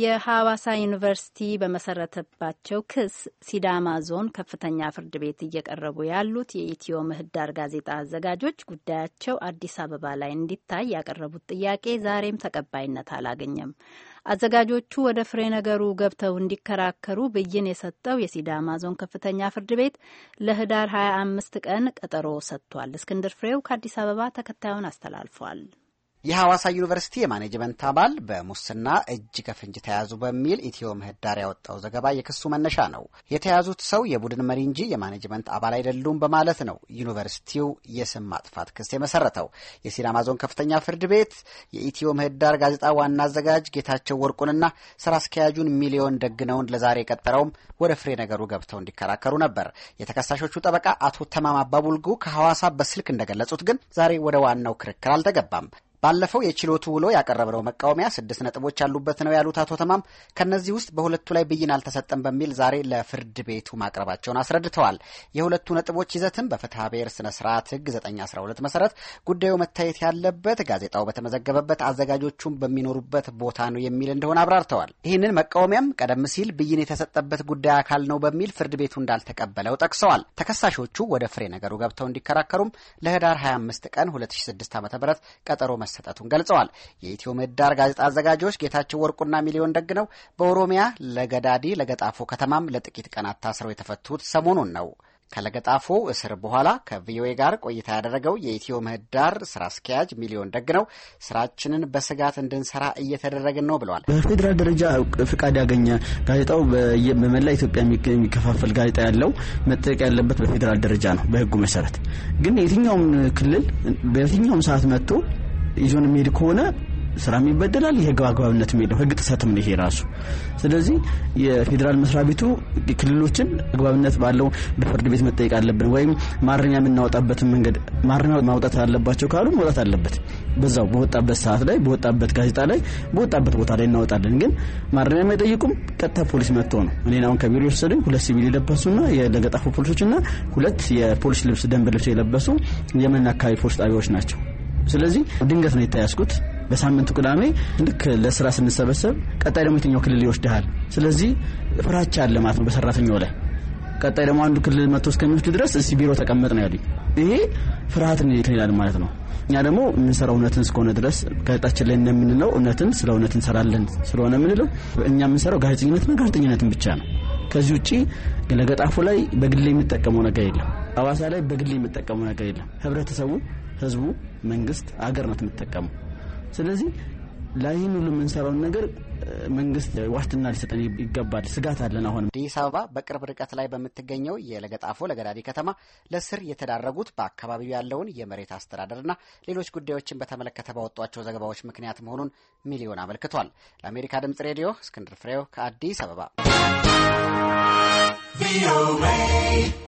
የሐዋሳ ዩኒቨርሲቲ በመሰረተባቸው ክስ ሲዳማ ዞን ከፍተኛ ፍርድ ቤት እየቀረቡ ያሉት የኢትዮ ምህዳር ጋዜጣ አዘጋጆች ጉዳያቸው አዲስ አበባ ላይ እንዲታይ ያቀረቡት ጥያቄ ዛሬም ተቀባይነት አላገኘም። አዘጋጆቹ ወደ ፍሬ ነገሩ ገብተው እንዲከራከሩ ብይን የሰጠው የሲዳማ ዞን ከፍተኛ ፍርድ ቤት ለህዳር 25 ቀን ቀጠሮ ሰጥቷል። እስክንድር ፍሬው ከአዲስ አበባ ተከታዩን አስተላልፏል። የሐዋሳ ዩኒቨርሲቲ የማኔጅመንት አባል በሙስና እጅ ከፍንጅ ተያዙ በሚል ኢትዮ ምህዳር ያወጣው ዘገባ የክሱ መነሻ ነው። የተያዙት ሰው የቡድን መሪ እንጂ የማኔጅመንት አባል አይደሉም በማለት ነው ዩኒቨርሲቲው የስም ማጥፋት ክስ የመሰረተው። የሲዳማ ዞን ከፍተኛ ፍርድ ቤት የኢትዮ ምህዳር ጋዜጣ ዋና አዘጋጅ ጌታቸው ወርቁንና ስራ አስኪያጁን ሚሊዮን ደግነውን ለዛሬ የቀጠረውም ወደ ፍሬ ነገሩ ገብተው እንዲከራከሩ ነበር። የተከሳሾቹ ጠበቃ አቶ ተማም አባቡልጉ ከሐዋሳ በስልክ እንደገለጹት ግን ዛሬ ወደ ዋናው ክርክር አልተገባም። ባለፈው የችሎቱ ውሎ ያቀረብነው መቃወሚያ ስድስት ነጥቦች ያሉበት ነው ያሉት አቶ ተማም ከነዚህ ውስጥ በሁለቱ ላይ ብይን አልተሰጠም በሚል ዛሬ ለፍርድ ቤቱ ማቅረባቸውን አስረድተዋል። የሁለቱ ነጥቦች ይዘትም በፍትሐ ብሔር ስነ ስርዓት ህግ 912 መሰረት ጉዳዩ መታየት ያለበት ጋዜጣው በተመዘገበበት አዘጋጆቹም በሚኖሩበት ቦታ ነው የሚል እንደሆነ አብራርተዋል። ይህንን መቃወሚያም ቀደም ሲል ብይን የተሰጠበት ጉዳይ አካል ነው በሚል ፍርድ ቤቱ እንዳልተቀበለው ጠቅሰዋል። ተከሳሾቹ ወደ ፍሬ ነገሩ ገብተው እንዲከራከሩም ለህዳር 25 ቀን 2006 ዓ ም ቀጠሮ መሰ መሰጠቱን ገልጸዋል። የኢትዮ ምህዳር ጋዜጣ አዘጋጆች ጌታቸው ወርቁና ሚሊዮን ደግ ነው በኦሮሚያ ለገዳዲ ለገጣፎ ከተማም ለጥቂት ቀናት ታስረው የተፈቱት ሰሞኑን ነው። ከለገጣፎ እስር በኋላ ከቪኦኤ ጋር ቆይታ ያደረገው የኢትዮ ምህዳር ስራ አስኪያጅ ሚሊዮን ደግ ነው ስራችንን በስጋት እንድንሰራ እየተደረግን ነው ብለዋል። በፌዴራል ደረጃ ፍቃድ ያገኘ ጋዜጣው በመላ ኢትዮጵያ የሚከፋፈል ጋዜጣ ያለው መጠየቅ ያለበት በፌዴራል ደረጃ ነው በህጉ መሰረት። ግን የትኛውም ክልል በየትኛውም ሰዓት መጥቶ ይዞን የሚሄድ ከሆነ ስራም ይበደላል። የህግ አግባብነት የለው ህግ ጥሰትም ነው ይሄ ራሱ። ስለዚህ የፌዴራል መስሪያ ቤቱ ክልሎችን አግባብነት ባለው በፍርድ ቤት መጠየቅ አለብን ወይም ማረሚያ የምናወጣበትን መንገድ ማረሚያ ማውጣት አለባቸው ካሉ መውጣት አለበት። በዛው በወጣበት ሰዓት ላይ በወጣበት ጋዜጣ ላይ በወጣበት ቦታ ላይ እናወጣለን። ግን ማረሚያ የማይጠይቁም ቀጥታ ፖሊስ መጥቶ ነው። እኔን አሁን ከቢሮ የወሰደኝ ሁለት ሲቪል የለበሱና ለገጣፎ ፖሊሶችና ሁለት የፖሊስ ልብስ ደንብ ልብስ የለበሱ የመን አካባቢ ፖሊስ ጣቢያዎች ናቸው። ስለዚህ ድንገት ነው የተያዝኩት። በሳምንቱ ቅዳሜ ልክ ለስራ ስንሰበሰብ፣ ቀጣይ ደግሞ የትኛው ክልል ይወስድሃል። ስለዚህ ፍራቻ አለ ማለት ነው በሰራተኛው ላይ። ቀጣይ ደግሞ አንዱ ክልል መጥቶ እስከሚወስድ ድረስ እስኪ ቢሮ ተቀመጥ ነው ያሉኝ። ይሄ ፍርሃትን ይላል ማለት ነው። እኛ ደግሞ የምንሰራው እውነትን እስከሆነ ድረስ ጋዜጣችን ላይ እንደምንለው እውነትን ስለ እውነት እንሰራለን ስለሆነ የምንለው እኛ የምንሰራው ጋዜጠኝነትና ጋዜጠኝነትን ብቻ ነው። ከዚህ ውጭ ለገጣፉ ላይ በግሌ የምጠቀመው ነገር የለም። አዋሳ ላይ በግሌ የምጠቀመው ነገር የለም። ህብረተሰቡ ህዝቡ፣ መንግስት፣ አገር ናት የምትጠቀመው። ስለዚህ ለይህን ሁሉ የምንሰራውን ነገር መንግስት ዋስትና ሊሰጠን ይገባል። ስጋት አለን። አሁንም አዲስ አበባ በቅርብ ርቀት ላይ በምትገኘው የለገጣፎ ለገዳዲ ከተማ ለስር የተዳረጉት በአካባቢው ያለውን የመሬት አስተዳደርና ሌሎች ጉዳዮችን በተመለከተ ባወጧቸው ዘገባዎች ምክንያት መሆኑን ሚሊዮን አመልክቷል። ለአሜሪካ ድምጽ ሬዲዮ እስክንድር ፍሬው ከአዲስ አበባ